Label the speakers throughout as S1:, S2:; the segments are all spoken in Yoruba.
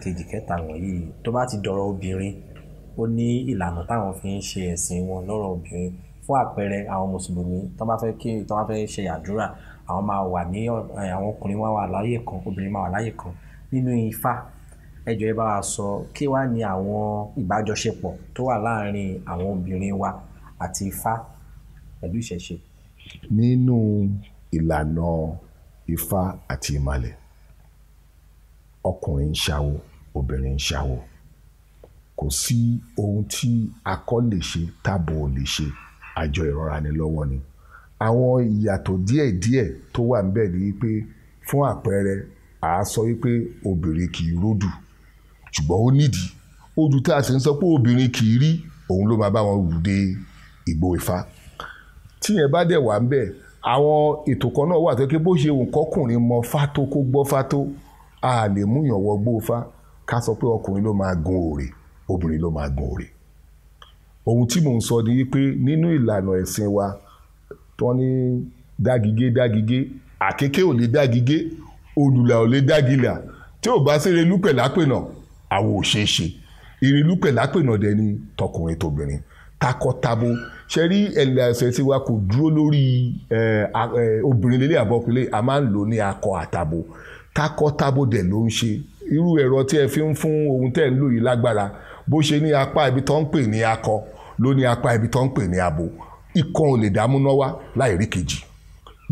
S1: kejì kẹta wọ̀nyí tó bá ti dọ̀rọ̀ obìnrin ó ní ìlànà táwọn fi ń ṣe ẹ̀sìn wọn lọ́rọ̀ obìnrin fún àpẹẹrẹ àwọn mùsùlùmí tó bá fẹ́ kí tó bá fẹ́ ṣe àdúrà àwọn máa wà ní eh, àwọn ọkùnrin máa wà láyè kan obìnrin máa wà láyè kan nínú ifá ẹjọ ẹ bá wa sọ kí wàá ní àwọn ìbájọṣepọ̀ tó wà láàárín àwọn obìnrin wa àti ifá pẹ̀lú ìṣẹ̀ṣe. nínú ìlànà ifá àti ìmàlẹ̀ ọkùnrin ń ṣàwo obìnrin ń ṣàwo kò sí ohun tí akọ lè ṣe tábò lè ṣe àjọ ìrora ni lọ́wọ́ ni àwọn ìyàtọ̀ díẹ̀díẹ̀ tó wà ń bẹ̀ ni wípé fún àpẹẹrẹ à á sọ wípé obìnrin kì í ródù ṣùgbọ́n ó nídìí odù tá a sì ń sọ pé obìnrin kì í rí òun ló máa bá wọn rù dé ìgbó ifá tíyẹn bá dẹ̀ wà ń bẹ̀ àwọn ètò kan náà wà tó ké bó ṣe nǹkan ọkùnrin mọ fátó kó gbọ́ fátó a lè mú yàn wọ gbófa ká sọ pé ọkùnrin ló máa gun òrè obìnrin ló máa gun òrè ohun tí mò ń sọ ni wípé nínú ìlànà ẹ̀sìn wa tán ní dágigé dágigé àkékè ò lè dágigé olùlà ò lè dágilà tí ò bá sèré lúpẹ̀ lápẹ̀nà àwọn ò ṣeé ṣe ìrìn lúpẹ̀ lápẹ̀nà dẹ̀ ni tọkùnrin tobìnrin takọtabo ṣe rí ẹlẹ́sẹ̀ tí wa kò dúró lórí obìnrin lélẹ̀ àbọ̀kùnrin a máa ń lò ní akọ àtabo kákọ́ tábò dẹ̀ ló ń ṣe irú ẹ̀rọ tí ẹ fi ń fún ohun tẹ́ ń lò yìí lágbára bó ṣe ní apá ibi tó ń pè ní akọ ló ní apá ibi tó ń pè ní abo ikọ̀ ò lè láì rí kejì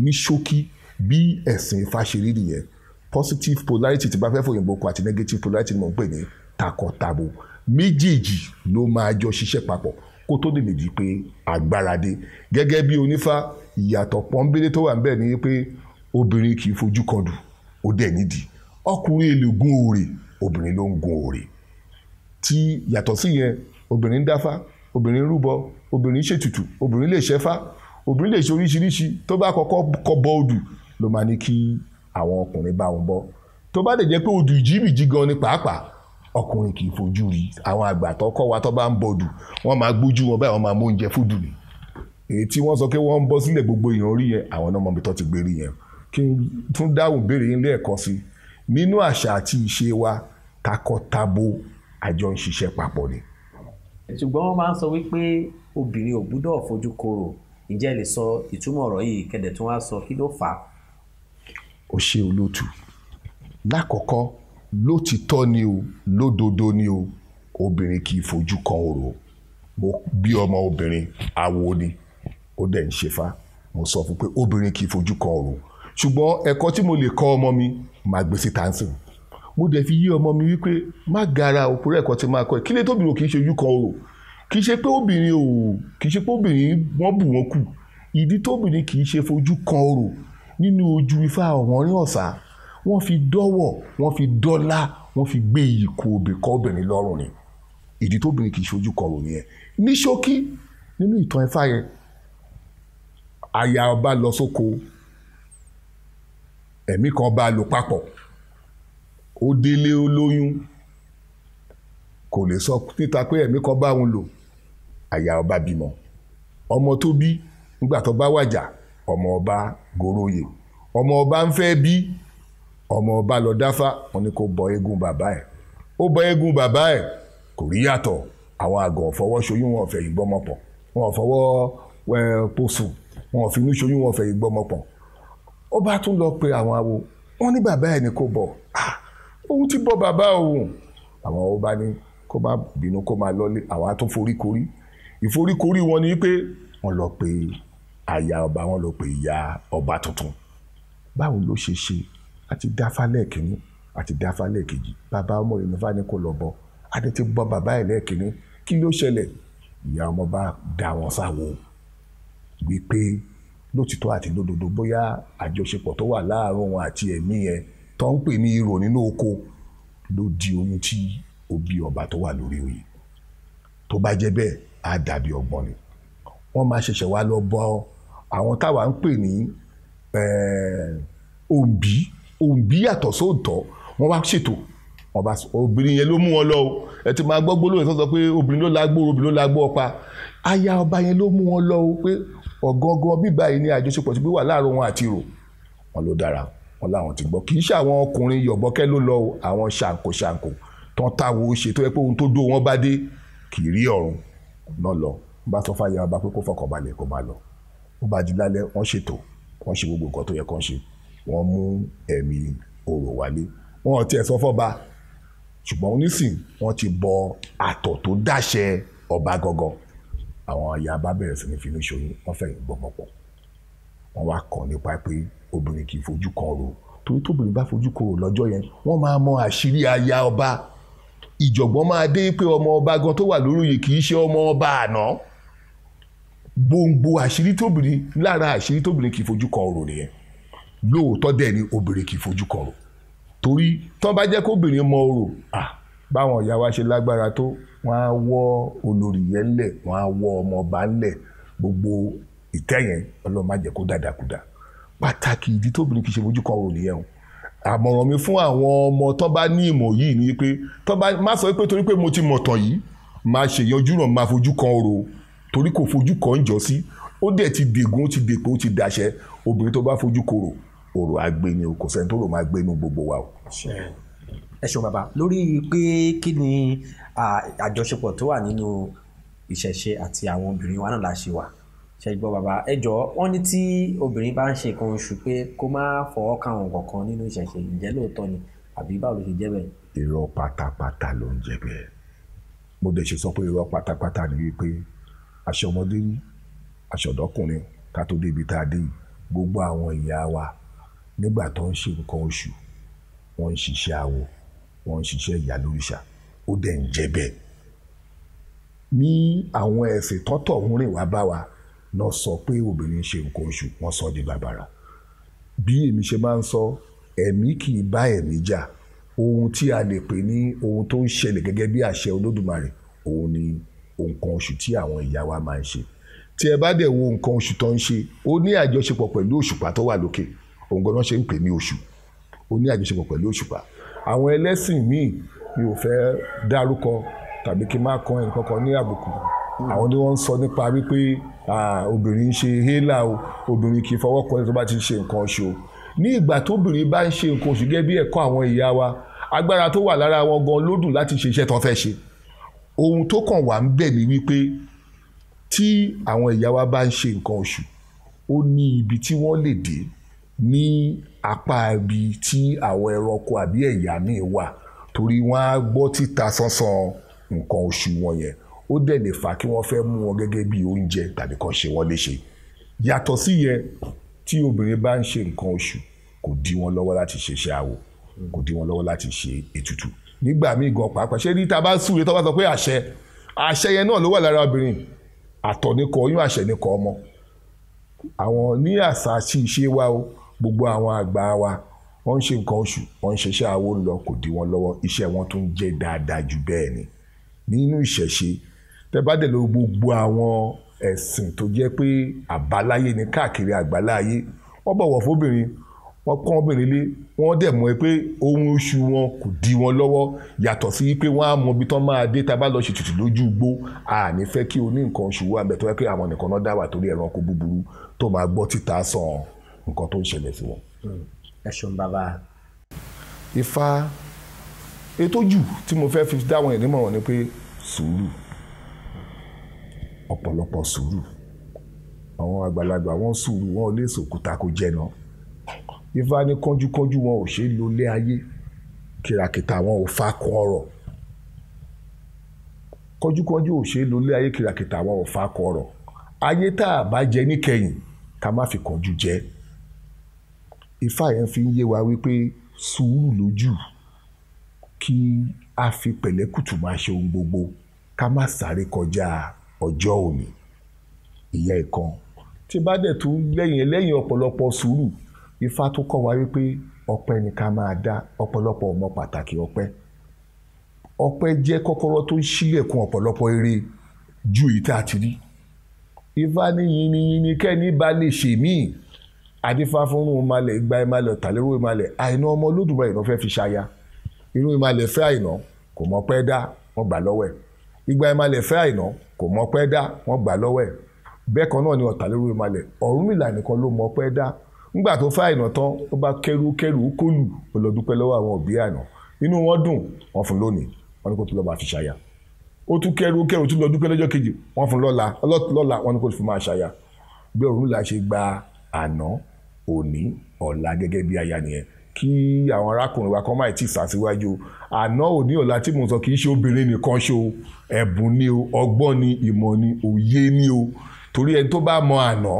S1: ní ṣókí bí ẹ̀sìn Ifá ṣe rí nìyẹn positive polarity tí bá fẹ́ fòyìnbó kọ àti negative polarity ni mò ń pè ní takọtabo méjèèjì ló máa jọ ṣiṣẹ́ papọ̀ kó tó lè di pé agbára gẹ́gẹ́ bí onífá ìyàtọ̀ pọ́nbélé tó wà ń bẹ̀ ni pé obìnrin kì í fojú kan dùn ó dẹ̀ nídìí ọkùnrin èlò gun òòrè obìnrin ló ń gun òòrè tí yàtọ̀ sí yẹn obìnrin ń dáfá obìnrin ń rúbọ obìnrin ń ṣètùtù obìnrin lè ṣẹfá obìnrin lè ṣe oríṣiríṣi tó bá kọ́kọ́ kọ́ bọ odù ló máa ní kí àwọn ọkùnrin bá wọn bọ tó bá lè jẹ́ pé odù ìjíbìjí gan ni pàápàá ọkùnrin kì í fojú rí àwọn àgbà tó kọ́ wa tó bá ń bọdù wọ́n máa gbójú wọn báyìí wọ́n máa mú oúnjẹ fúdù ni èyí tí wọ́n sọ pé wọ́n ń bọ́ sílẹ̀ gbogbo èèyàn orí yẹn àwọn ọmọ mi tó ti gbé rí yẹn kí n tún dáhùn béèrè yín lẹ́ẹ̀kan sí nínú àṣà àti ìṣe wa takọtabo àjọ ń ṣiṣẹ́ papọ̀ ni. ṣùgbọ́n wọ́n máa ń sọ wípé obìnrin ò gbúdọ̀ fojú korò ǹjẹ́ lè sọ ìtumọ̀ ọ̀rọ̀ yìí kẹ̀dẹ̀ tí wọ́n á sọ kí ló fà á. ó ṣe olótù lákọ̀ọ́kọ́ lótìtọ́ ni o lódodo ni o obìnrin kì í fojú kan oro mo bí ọmọ obìnrin awo ni ó dẹ̀ ń ṣe fa mo sọ fún pé obìnrin kì í fojú kan oro. ṣùgbọ́n ẹ̀kọ́ tí mo lè kọ́ ọmọ mi máa gbé síta ń sìn mo dẹ̀ fi yí ọmọ mi wípé má gara òpúrò ẹ̀kọ́ tí máa kọ́ ẹ̀ kí lè tóbi kì í ṣe ojú o orò kì í ṣe pé obìnrin o kì í ṣe pé obìnrin wọ́n bù wọ́n kù ìdí tóbìnrin kì í ṣe fojú kan orò nínú ojú ifá ọ̀wọ́nrín ọ̀sà wọ́n fi dọ́wọ̀ wọ́n fi dọ́lá wọ́n fi gbé ìkó obì kọ́ obìnrin lọ́rùn ni ìdí tóbìnrin kì í ṣojú kan orò nìyẹn ní ṣókí nínú ìtàn ifá yẹn aya ọba lọ sóko ẹ̀mí kan bá a lò papọ̀ ó délé ó lóyún kò lè sọ níta pé ẹ̀mí kan bá òun lò àyà ọba bímọ ọmọ tó bí nígbà tó bá wàjà ọmọ ọba gòròyè ọmọ ọba ń fẹ́ bí ọmọ ọba lọ dáfá wọn ni kò bọ eégún bàbá ẹ̀ ó bọ eégún bàbá ẹ̀ kò rí yàtọ̀ àwọn àgọ̀ ọ̀fọwọ́ ṣoyún wọn ọ̀fẹ́ ìgbọ́mọpọ̀ wọn ọ̀fọwọ́ pọ̀ṣù wọn ọ̀finú ṣoyún wọn ọ̀fẹ́ ìgbọ́mọpọ̀ ó bá tún lọ pe àwọn awo wọ́n ní bàbá ẹ̀ ní kò bọ̀ òun ti bọ́ bàbá òun àwọn awo bá ní kó má bínú kó má lọ́lé àwa tún foríkorí ìforíkorí wọn ni pé wọ́n lọ pe aya ọba wọ́n lọ pe ìyá ọba tuntun báwo ló ṣe ṣe àti dáfá lẹ́ẹ̀kínní àti dáfá lẹ́ẹ̀kejì bàbá ọmọ ìnúfà ní kò lọ bọ̀ adé ti bọ́ bàbá ẹ̀ lẹ́ẹ̀kínní kí ló ṣẹlẹ̀ ìyá ọmọ bá dá wọn sáwọ́ wípé lótìtọ́ àti lódodo bóyá àjọṣepọ̀ tó wà láàárọ̀ wọn àti ẹ̀mí ẹ̀ tó ń pè ní irò nínú oko ló di ohun tí òbí ọba tó wà lórí oyè tó bá jẹ́ bẹ́ẹ̀ á dàbí ọgbọ́n ni wọ́n máa ṣẹ̀ṣẹ̀ wá lọ bọ àwọn táwa ń pè ní òǹbí òǹbí yàtọ̀ sóòtọ́ wọ́n wá ṣètò ọba obìnrin yẹn ló mú wọn lọ o ẹ ti máa gbọ́ gbólóhùn tó sọ pé obìnrin ló lágbó obìnrin ló lágbó ọ̀pá aya ọba yẹn ló mú wọn lọ o pé ọ̀gọ́ngọ́ bíbá yìí ni àjọṣepọ̀ ti gbé wà láàárọ̀ wọn àti rò wọn ló dára wọn láwọn ti gbọ́ kì í ṣe ọkùnrin yọ̀bọ́kẹ́ ló lọ o àwọn ṣàǹkó ṣàǹkó tán táwo ṣe tó yẹ pé ohun tó dó wọn bá dé kì í rí ọ̀run náà lọ bá sọ fáyà ọba pé kó fọkàn balẹ̀ kó máa lọ ó bá di lálẹ́ wọ́n ṣètò wọ́n ṣe gbogbo nǹkan tó yẹ kán ṣe wọ́n mú ẹ̀mí orò wálé wọn ò tiẹ̀ sọ fọ́ba ṣùgbọ́n onísìn wọ́n ti bọ àtọ̀ tó dáṣẹ ọba gangan àwọn aya bá bẹ̀rẹ̀ sí ní finú ṣoyún wọ́n fẹ̀yìn gbọ́mọ pọ̀ wọ́n wá kàn nípa pé obìnrin kì í fojú kan rò torí tóbìnrin bá fojú kan rò lọ́jọ́ yẹn wọ́n máa mọ àṣírí aya ọba ìjọ̀gbọ́n máa dé pé ọmọ ọba gan tó wà lórí yìí kì í ṣe ọmọ ọba àná gbòǹgbò àṣírí tóbìnrin lára àṣírí tóbìnrin kì í fojú kan rò nìyẹn lóòótọ́ dẹ̀ ni obìnrin kì í fojú kan rò torí tán bá jẹ́ kóbìnrin mọ orò báwọn ìyá wa ṣe lágbára tó wọ́n á wọ́ olórí yẹn lẹ̀ wọ́n á wọ́ ọmọ ọba lẹ̀ gbogbo ìtẹ́ yẹn ọlọ́run má jẹ́ kó dàdàkudà pàtàkì ìdí tóbìnrin kì í ṣe mojú kan òrò nìyẹn o àmọ̀ràn mi fún àwọn ọmọ tán bá ní ìmọ̀ yìí ni pé tán bá má sọ pé torí pé mo ti mọ̀ tán yìí máa ṣèyànjú ràn máa fojú kan òrò torí kò fojú kan jọ sí ó dẹ̀ ti dègún ó ti dèpò ó ti dàṣẹ obìnrin tó bá fojú korò orò agbe ni o kò sẹ́ni tó rò máa gbé inú gbogbo wa o. ẹ ṣeun bàbá lórí pé kí ni àjọṣepọ̀ tó wà nínú ìṣẹ̀ṣe àti àwọn obìnrin wa náà la ṣe wà ṣẹ́gbọ́n bàbá ẹ jọ wọ́n ní tí obìnrin bá ń ṣe nǹkan oṣù pé kó má fọwọ́ káwọn kankan nínú ìṣẹ̀ṣe ǹjẹ́ lóòótọ́ ni àbí báwo ló ṣe jẹ́ bẹ́ẹ̀. irọ́ pátápátá ló ń jẹ bẹ́ẹ̀ mo dẹ̀ ṣe sọ pé irọ́ pátápátá ni wípé aṣọ ọmọdé aṣọ ọ̀dọ́kùnrin ká tó débi tá a dé gbogbo àwọn ìyá wa nígbà tó ń ṣe nǹkan oṣù wọ́n ń ṣiṣẹ́ awo wọ́n ń ṣiṣẹ́ ìyálórìṣà ó dẹ̀ ń jẹ́ bẹ́ẹ̀. ní àwọn ẹ̀sìn tọ́tọ̀ ń rìn wá bá wa náà sọ pé obìnrin ṣe nǹkan oṣù wọ́n sọ di bàbàrà. bí èmi ṣe máa ń sọ ẹ̀mí kì í bá ẹ̀mí jà ohun tí a lè pè ní ohun tó ń ṣẹlẹ̀ gẹ́gẹ́ bí àṣẹ olódùmarè òun ni nǹkan oṣù tí àwọn ìyá wa máa ń ṣe tí ẹ bá dẹ̀ wo nǹkan oṣù tó ń ṣe ó ní àjọṣepọ̀ pẹ̀lú òṣùpá tó wà lókè òun gan-an ṣe ń pè ní oṣù ó ní àjọṣepọ̀ pẹ̀lú òṣùpá àwọn ẹlẹ́sìn míì mi ò fẹ́ dárúkọ tàbí kí n má kan ẹnì kankan ní àbùkù àwọn ni wọ́n ń sọ nípa wípé obìnrin ń ṣe hélà o obìnrin kì í fọwọ́ kan tó bá ti ń ṣe nǹkan oṣù o ní ìgbà tóbìnrin bá ń ṣe nǹkan oṣù gẹ́gẹ́ bí ẹ̀kọ́ àwọn ìyá wa agbára tó wà lára wọn gan ló dùn láti ṣe iṣẹ́ tó fẹ́ ṣe ohun tó kàn wá ń bẹ̀ ni wípé tí àwọn ìyá wa bá ń ṣe nǹkan oṣù ó ní ibi tí wọ́n lè dé ní apá ibi tí àwọn ẹranko àbí ẹ̀yà míì wà torí wọ́n á gbọ́ títa sánsán nǹkan oṣù wọn yẹn ó dẹ̀ lè fà kí wọ́n fẹ́ mú wọn gẹ́gẹ́ bí oúnjẹ tàbí kan ṣe wọ́n léṣe yàtọ̀ sí yẹn tí obìnrin bá ń ṣe nǹkan oṣù kò dí wọn lọ́wọ́ láti ṣe iṣẹ́ awo kò dí wọn lọ́wọ́ láti ṣe ètùtù nígbà míì gan pàápàá ṣé níta bá súre tó bá sọ pé àṣẹ àṣẹ yẹn náà ló wà lára obìnrin àtọ̀ ní kọ oyún àṣẹ ní kọ ọmọ àwọn ní àṣà àti ìṣe wa o gbogbo àwọn àgbà wa wọ́n ń ṣe nǹkan oṣù wọ́n ń ṣiṣẹ́ awo lọ kò dí wọn lọ́wọ́ iṣẹ́ wọn tún jẹ́ dáadáa jù bẹ́ẹ̀ ni nínú ìṣẹ̀ṣe tẹ́ bá dẹ̀ lọ gbogbo àwọn ẹ̀sìn tó jẹ́ pé àbáláyé ni káàkiri àgbáláyé wọ́n bọ̀wọ̀ fóbìnrin wọ́n kọ́ obìnrin lé wọ́n dẹ̀ mọ̀ pé ohun oṣù wọn kò dí wọn lọ́wọ́ yàtọ̀ sí pé wọ́n á mọ ibi tán máa dé tá a bá lọ lójú igbó àní fẹ́ kí o ní nǹkan oṣù wa bẹ̀ tó yẹ pé àwọn nìkan náà dá torí ẹranko búburú tó máa gbọ́ títa sàn nǹkan tó ń ṣẹlẹ̀ sí wọn. ẹ ṣeun bàbá. Ifá ètò jù tí mo fẹ́ fi dáwọn ẹ̀ nímọ̀ràn ni pé sùúrù ọ̀pọ̀lọpọ̀ sùúrù àwọn àgbàlagbà wọn sùúrù wọn ò lè sòkúta kó jẹnà Ifá ní kánjúkánjú wọn ò ṣe é lólé ayé kìràkìtà wọn ò fa kọ ọ̀rọ̀ kọjúkọjú ò ṣe é lólé ayé kìràkìtà wọn ò fa kọ ọ̀rọ̀ ayé tá a bá jẹ níkẹyìn ká má fi kọjú jẹ ifá yẹn fi ń yé wa wípé sùúrù lójú kí a fi pẹ̀lẹ́kùtù máa ṣe ohun gbogbo ká má sáré kọjá ọjọ́ òní ìyẹn ìkan tí bá dẹ̀ tún lẹ́yìn lẹ́yìn ọ̀pọ̀lọpọ̀ sùúrù ifá tó kọ́ wa wípé ọpẹ́ ni ká máa dá ọ̀pọ̀lọpọ̀ ọmọ pàtàkì ọpẹ́ ọpẹ́ jẹ́ kọ́kọ́rọ́ tó ń ṣílẹ̀kùn ọ̀pọ̀lọpọ̀ eré ju ìta àti ifá ní yìnyín yìnyín kẹ́ni bá lè ṣèmíì adífá fúnrún ìmalẹ̀ igba ìmalẹ̀ tàlérò ìmalẹ̀ àìná ọmọ olódùmarè náà fẹ́ fi ṣaya irú ìmalẹ̀ fẹ́ àìná kò mọ̀ pẹ́ dá wọ́n gbà lọ́wọ́ ẹ̀ igba ìmalẹ̀ fẹ́ àìná kò mọ̀ pẹ́ dá wọ́n gbà lọ́wọ́ ẹ̀ bẹ́ẹ̀ kan náà ni ọ̀tàlérò ìmalẹ̀ ọ̀rúnmìlà nìkan ló mọ̀ pẹ́ dá ńgbà tó fẹ́ àìná tán ó bá kẹrù kẹrù kólù ó lọ dúpẹ́ lọ́wọ́ àwọn òbí àìná inú wọn dùn wọn fún lónìí wọn ni kò tún lọ́ọ́ máa fi ṣàyà ó tún kẹrù kẹrù tún lọ dúpẹ́ lọ́jọ́ kejì wọn fún lọ́la lọ́la àná òní ọ̀la gẹ́gẹ́ bí aya nìyẹn kí àwọn arákùnrin wa kan máa ti sàṣíwájú àná òní ọ̀la tí mo sọ kì í ṣe obìnrin nìkan ṣo ẹ̀bùn ni o ọgbọ́n ni ìmọ̀ ni òye ni o torí ẹni tó bá mọ àná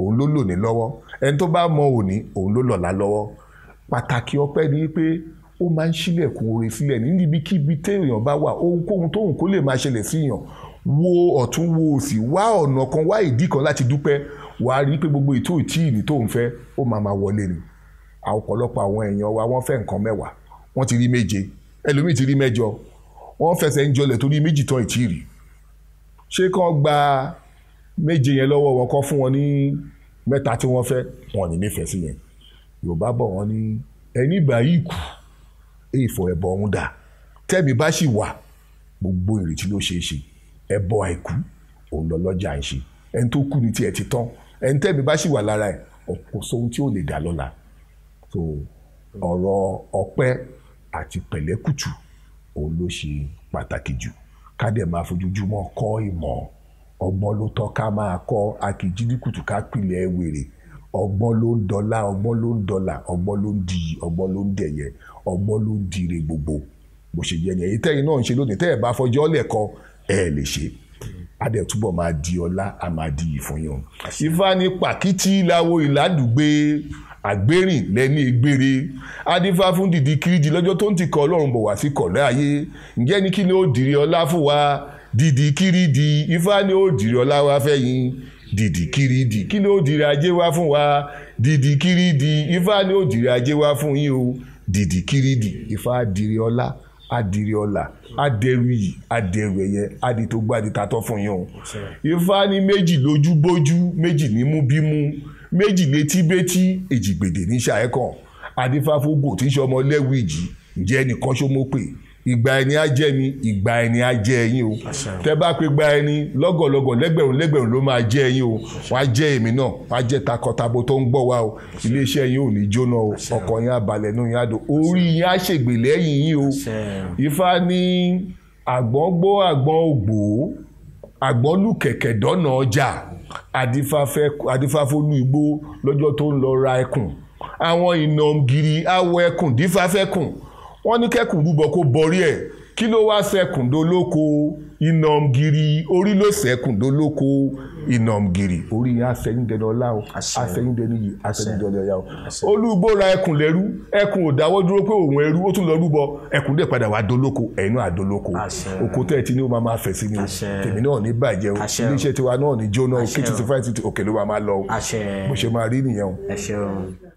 S1: òun ló lò ní lọ́wọ́ ẹni tó bá mọ òní òun ló lọ̀la lọ́wọ́ pàtàkì ọpẹ́ ni pé ó máa ń ṣílẹ̀kùn oore sílẹ̀ níbikíbi téèyàn bá wà ohunkóhun tóhun kó lè máa ṣẹlẹ̀ síyàn wo ọ̀tún wo òsì wá ọ̀nà kan wá ìdí kan láti dúpẹ́ wà á rí i pé gbogbo ìtú ìtíìrì tó ń fẹ́ ó máa máa wọlé ni ọ̀pọ̀lọpọ̀ àwọn èèyàn wa wọ́n fẹ́ nǹkan mẹ́wàá wọ́n ti rí méje ẹlòmíì ti rí mẹ́jọ wọ́n fẹsẹ̀ ń jọlẹ̀ torí méjì tán ìtíìrì ṣé kán gba méje yẹn lọ́wọ́ wọn kọ́ fún wọn ní mẹ́ta tí wọ́n fẹ́ wọn ní nífẹ̀ẹ́ sí yẹn yorùbá bọ̀ wọ́n ní ẹni báyìí kù èèfọ̀ ẹ̀bọ ọ̀hún dà tẹ́mi bá sì wà gbogbo ìrètí ló ṣeé ṣe ẹ̀bọ àìkú òun lọ lọ́jà ń ṣe ẹni tó kú ní tiẹ̀ ti tán ẹni tẹ́mi bá sì wà lára ẹ̀ ọ̀pọ̀ sóhun tí ò lè dà lọ́la so ọ̀rọ̀ ọpẹ́ àti pẹ̀lẹ́kùtù òun ló ṣe pàtàkì jù ká dẹ̀ máa fojoojúmọ́ kọ́ ìmọ̀ ọgbọ́n ló tọ́ ká máa kọ́ akíjídíkùtù ká pilẹ̀ wèrè ọgbọ́n ló ń dọ́là ọgbọ́n ló ń dọ́là ọgbọ́n ló ń di ọgbọ́n ló ń dẹ̀yẹ ọgbọ́n ló ń dire gbogbo bó ṣe yẹ ni èyí tẹ́yìn náà ń ṣe lónìí tẹ́ ẹ̀ bá fọjọ́ lẹ̀ ẹ̀ lè ṣe a dẹ̀ túbọ̀ máa di ọlá a máa di ìfọyàn ifá ní pàkìtì ìlàwọ ìlàdùgbé àgbérìn lẹ́ni ìgbére adífá fún dìdí kiriji lọ́jọ́ tó ń ti kọ́ ọlọ́run bọ̀ wá sí kọ̀ọ̀lẹ́ ayé ǹjẹ́ ní kí ni ó dìrì ọlá fún wa dìdí kiriji ifá ni ó dìrì ọlá wa fẹ́yìn dìdì kiridi kí ló dìrì ajé wá fún wa dìdì kiridi ifá ni ó dìrì ajé wá fún yín o dìdì kiridi ifá dìrì ọlá adìrẹ ọlà adẹrù yìí adẹrù ẹyẹ adìtógbó adìtatọ fún yàn ifá ní méjì lójú bójú méjì nímú bímú méjì létí bétí èjìgbèdè ní sàẹ́kàn adífáfógò tíṣọmọ lẹ́wìjì ǹjẹ́ ẹnìkan ṣó mọ́ pè é ìgbà ẹni á jẹ́ mi ìgbà ẹni á jẹ́ ẹ̀yin o tẹ́ bá pé gba ẹni lọ́gọ̀lọ́gọ̀ lẹ́gbẹ̀rún lẹ́gbẹ̀rún ló máa jẹ́ ẹ̀yin o wàá jẹ́ èmi náà wàá jẹ́ takọtabo tó ń gbọ́ wa o iléeṣẹ́ yín ò ní jóná o ọkọ̀ yín á balẹ̀ nù yín á dùn orí yín á ṣègbè lẹ́yìn yín o ifá ní àgbọ̀n gbọ́ àgbọ̀n ògbò àgbọ̀n lù kẹ̀kẹ́ dọ́nà ọjà adífáfólú igbó lọ́jọ́ tó ń lọ ra ẹkùn àwọn ìnàgìrì awọ ẹkùn dífáfẹ́kùn wọ́n ní kẹ́kùn rúbọ kó borí ẹ̀ kí ló wá sẹ́kùndólóko ìnàmgìrì orí ló sẹ́kùndólóko ìnàmgìrì orí asẹ́yìndẹ́ni ọlá o asẹ́yìndẹ́ni yìí asẹ́yìndẹ́ni ọyá o olúgbóra ẹkùn lẹ́rú ẹkùn ò dáwọ́ dúró pé òun ẹrú ó tún lọ rúbọ ẹkùn dẹ̀ padà wá dólóko ẹ̀yìn náà àdólóko oko tẹ́ ẹ ti ní máa fẹ̀ sí ni o tèmi náà ní bàjẹ́ o iléeṣẹ́ tiwa náà ní jóná o kí tuntun fáìtì òkè ló máa lọ o bó ṣe máa rí nìyẹn o.